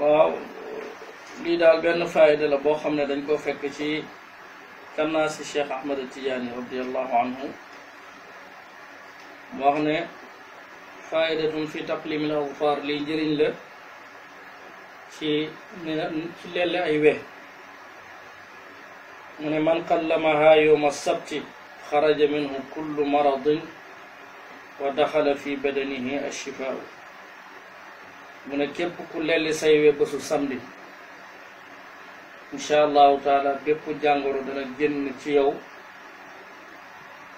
waaw lii daal benn faayda la boo xam ne dañ ko fekk ci kannaasi Cheikh Ahmad Tijaani radiallahu anhu mu wax ne faayidatun fi taqlimil azfar liy njëriñ la ci ci lelle ay we mu ne man qallamaha yowma sabti xaraja minhu kullu maradin wa daxala fi badanihi alchifaau mu ne képp ku lelli say we bésu samedi incha allahu taala bépp jàngoro dana génn ci yow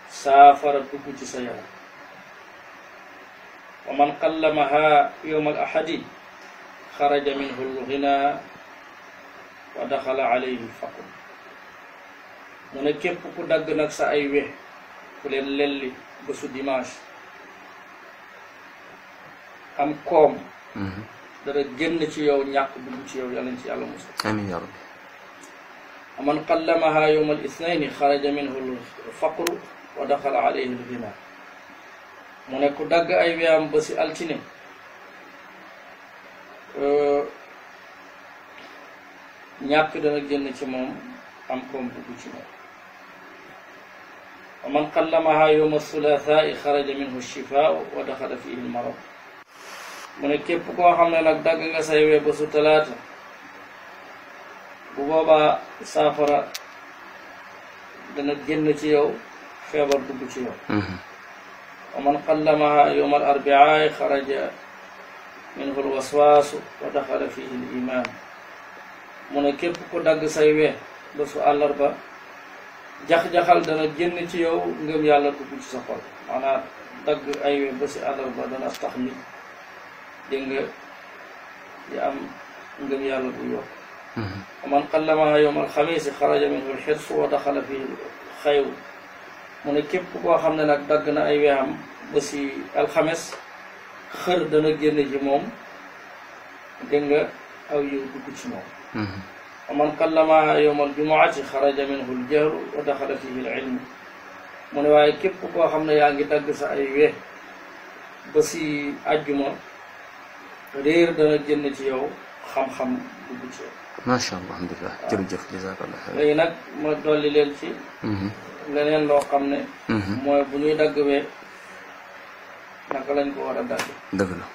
saafara dugg ci sa yaram wa man qallamaha yowma al ahadi xaraja minhu l ghina wa daxala alayhi faqr mu ne képp ku dagg nag sa ay we ku leen lelli bésu dimanche am koom dara génn ci yow ñàkk dugg ci yow yàlla na ci yàlla mos. amiin yaa rabbi. man qallamaha yowma al isnayni xaraja minhu l faqru wa daxala alayhi l ghina mu ne ku dagg ay weyam ba si altine euh, ñàkk dana génn ci moom am koom dugg ci moom wa man qallamaha yowma thulathaai xaraja minhu shifaau wa daxala fihi l marad mu ne képp ko xam ne nag dagg nga say we ba su talaata bu boobaa saafara dana génn ci yow feebar dugg ci yow mm-hmm. wa man qallamaha yowma al arbiaay xaraja minhu l wa daxala fihi l ba su àllarba jax-jaxal dana génn ci yow ngëm yàlla dugg ci sa xol maanaam dagg ay we ba si àllarba dana tax dégg nga am ngëm yàlla bu yokk hmm. man qallamaha yowm alxamisi xaraja minhu lxirsu wa daxala fi xayru mu ne képp koo xam ne nag dagg na ay weexam ba si alxames xër dana génn ci moom dégg nga aw yow dugg ci moom hmm. man qallamaha yowm aljumuati xaraja minhu ljahru wa daxala fihi lilmu mu ne waaye képp koo xam ne yaa ngi dagg sa ay weex ba si àjjuma réer dana génn ci yow xam-xam dugg ci yow. macha allah alhamdulilah jërëjëf jazakallah léegi nag ma dolli leen ci. Mhm. leneen loo xam ne. Mhm. mooy bu ñuy dagg wee naka lañ ko war a dagg. dëgg la.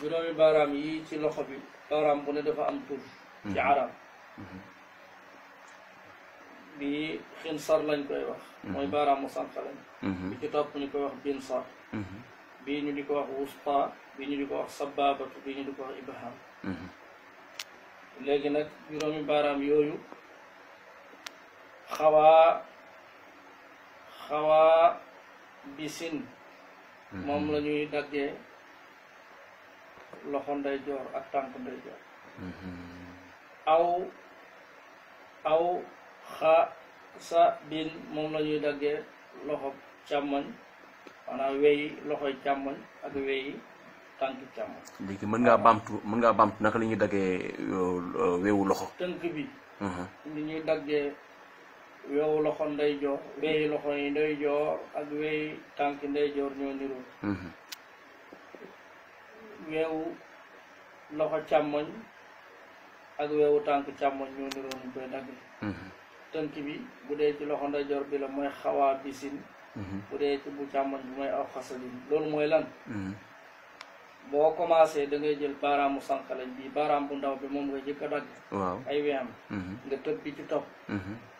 juróomi yi ci loxo bi baaraam bu ne dafa am ci mhm. arab. bi xinsar lañ koy wax. mooy baaraam mu sànq lañ. bi ci topp ñu koy wax binsar. bii ñu di ko wax wuspa bii ñu di ko wax sababatu bii ñu di ko wax ibham mhm. léegi nag juróomi baaraam yooyu xawaa xawaa bisin mhm. moom la ñuy daggee loxo nday joor ak tànk nday mhm. aw aw xa sa bin moom la ñuy daggee loxo càmmoñ maanaam weyi loxoy càmmoñ ak weyi tànk càmmoñ. léegi mën ngaa baamtu mën ngaa baamtu naka la ñuy daggee euh, weewu loxo. tënk bi. ni mhm. ñuy daggee weewu loxo nday joor weyi loxo yi nday joor ak weyi tànk nday joor ñoo niroo. Mhm. weewu loxo càmmoñ ak weewu tànk càmmoñ ñoo niroo ñu daggee. Mhm. tënk bi bu dee ci loxo nday joor bi la mooy xawaa bisin Mhm. bu dee ci bu càmmoñ bi mooy aw xasalin loolu mooy lan mhm. boo commencé da ngay jël baaraamu sànqalañ bi baaraam bu ndaw bi moom nga jëkk a dagg waaw ay weyam mhm. nga tëb bi ci topp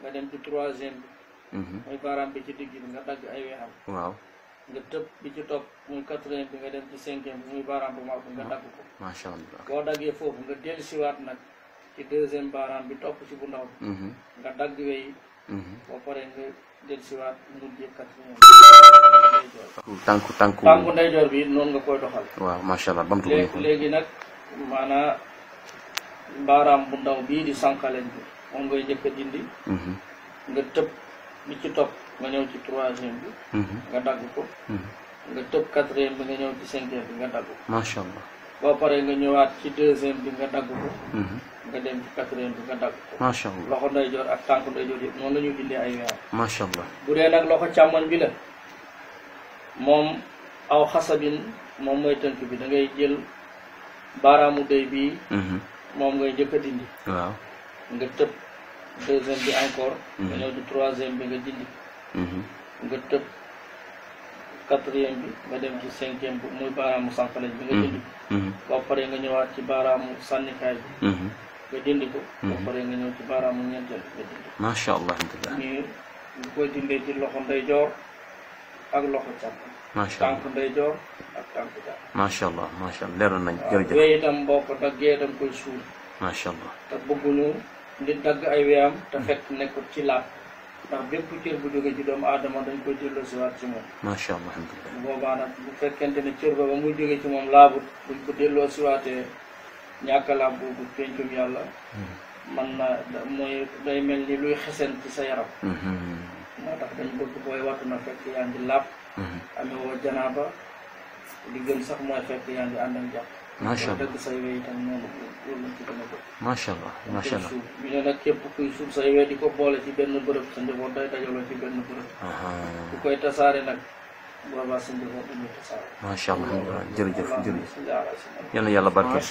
nga dem ci troisième bi ci digg nga dagg ay weyam waaw nga tëb bi ci topp muy quatrième bi nga dem ci cinquième bi muy baaraam bu mag bi nga dagg ko boo daggee foofu nga dellusiwaat nag ci deuxième baaraam bi topp ci bu ndaw bi nga dagg wey Mm-hmm. boo paree nga del siwaat ndul yëkkat si moom ndeyjoor bi noonu nga koy doxal waaw macha allah bamtu léegi nag maanaa mbaaraam bu ndaw bii di sànqaleñ bi moom ngay njëkk a dindi mm-hmm. nga tëb bi ci top nga ñëw ci troisième bi mm-hmm. nga dagg ko nga tëb quatrième bi nga ñëw ci cinquième bi nga dagg ko allah boo paree nga ñëwaat ci deuxième bi nga daggu ko. Mhm. nga dem ci quatrième bi nga dagg ko. macha allah loxo ndeyjoor ak tànk ndeyjoor yëpp noonu la ñuy bindee ay weer. macha allah bu dee nag loxo càmmoñ bi la moom aw xasabin moom mooy tënk bi dangay jël baaraamu day bi mhm. moom ngay jëkk a dindi. waaw nga tëb deuxième bi encore. Mhm. nga ñëw di troisième bi nga dindi. nga tëb. quatrième bi nga dem ci cinquième bi muy baaraamu sànqaleñ bi nga dindi ko mm-hmm. mm-hmm. boo paree nga ñëwaat ci baaraamu sànnikaay bi mm-hmm. nga dindi ko boo paree nga ñëw ci baaraamu ñeenteel nga dindi ko macha allah nii nga koy dindee ci loxo ndeyjoor ak loxo càmm macha allah tànk ndeyjoor ak tànk càmm macha allah leeroon nañ jërëjëf wéy itam boo ko daggee da nga koy suul macha allah te nit dagg ay weyam te fekk nekk ci laab ndax bépp cër bu jógee ci doomu aadama dañ ko jëllo siwaat ci moom macha allah alhamdulilah boobaa nag bu fekkente ne cër booba muy jógee ci moom laabut buñ ko delloo siwaatee ñàkk laab boobu pencum yàlla man hmm. na mooy day mel ni luy xesen ci sa yaram hmm. moo tax dañ bëgg booy wattu na fekk yaa ngi laab hmm. amee woo janaaba li gën sax mooy fekk yaa ngi ànd ak jàpp ما شاء الله allah macha allah. ñu ne nag képp kuy suuf say wee ko boole ci benn bërëb sa njaboot day dajaloo ci benn bërëb. bu koy tasaare nag boobaa sa njaboot dañuy tasaare. macha yàlla barkeel.